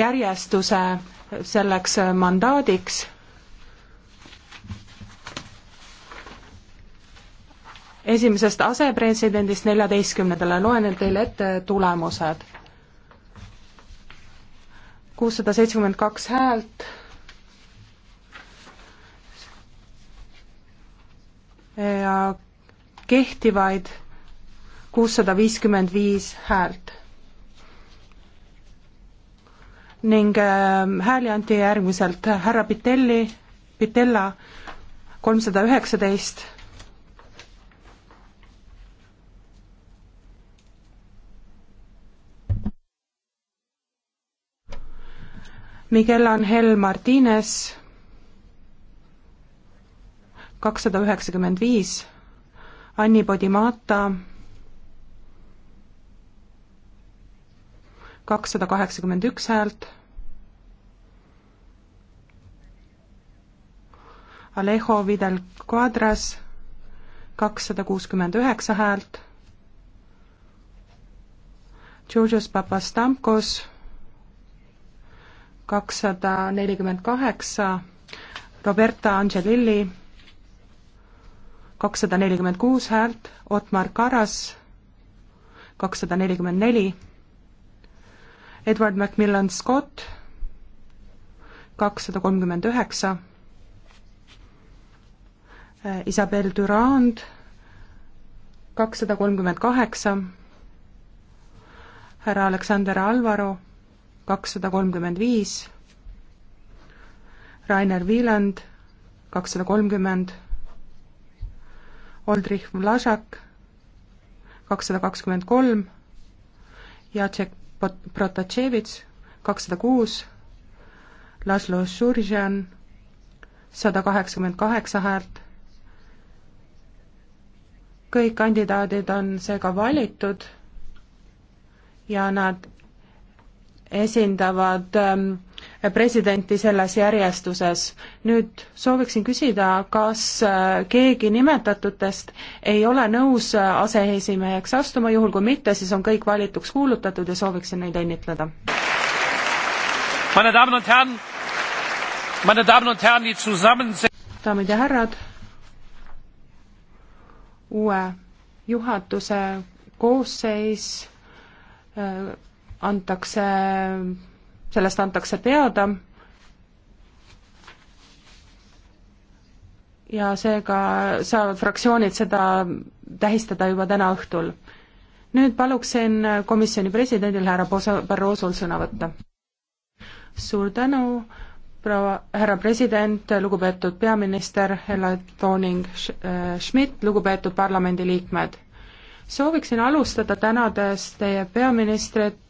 järjestuse selleks mandaadiks. esimesest asepresidendist neljateistkümnendale loen teile ette tulemused. kuussada seitsekümmend kaks häält ja kehtivaid kuussada viiskümmend viis häält ning ähm, hääli anti järgmiselt härra Pitelli, Pitella kolmsada üheksateist, Miguel Angel Martinez kakssada üheksakümmend viis, Anni Podimata kakssada kaheksakümmend üks häält, Alejo Vidal Quadras kakssada kuuskümmend üheksa häält, Georgios Papastamkos kakssada nelikümmend kaheksa, Roberta Angelilli kakssada nelikümmend kuus häält, Otmar Karas kakssada nelikümmend neli, Edward Macmillan Scott, kakssada kolmkümmend üheksa, äh, Isabel Durand, kakssada kolmkümmend kaheksa, härra Aleksander Alvaro, kakssada kolmkümmend viis, Rainer Wieland, kakssada kolmkümmend, Oldrich Vlasak, kakssada kakskümmend kolm ja Tšekk Protasevitš kakssada kuus, Laslo Šuržan sada kaheksakümmend kaheksa häält. kõik kandidaadid on seega valitud ja nad esindavad ähm, presidenti selles järjestuses. nüüd sooviksin küsida, kas äh, keegi nimetatutest ei ole nõus äh, aseesimeheks astuma, juhul kui mitte, siis on kõik valituks kuulutatud ja sooviksin neid õnnitleda. daamid ja härrad, uue juhatuse koosseis äh, antakse sellest antakse teada ja seega saavad fraktsioonid seda tähistada juba täna õhtul. nüüd paluksin komisjoni presidendil härra Barrosol sõna võtta. suur tänu, proua, härra president, lugupeetud peaminister Hella Tooning-Schmidt, äh, lugupeetud parlamendiliikmed. sooviksin alustada tänades teie peaministrit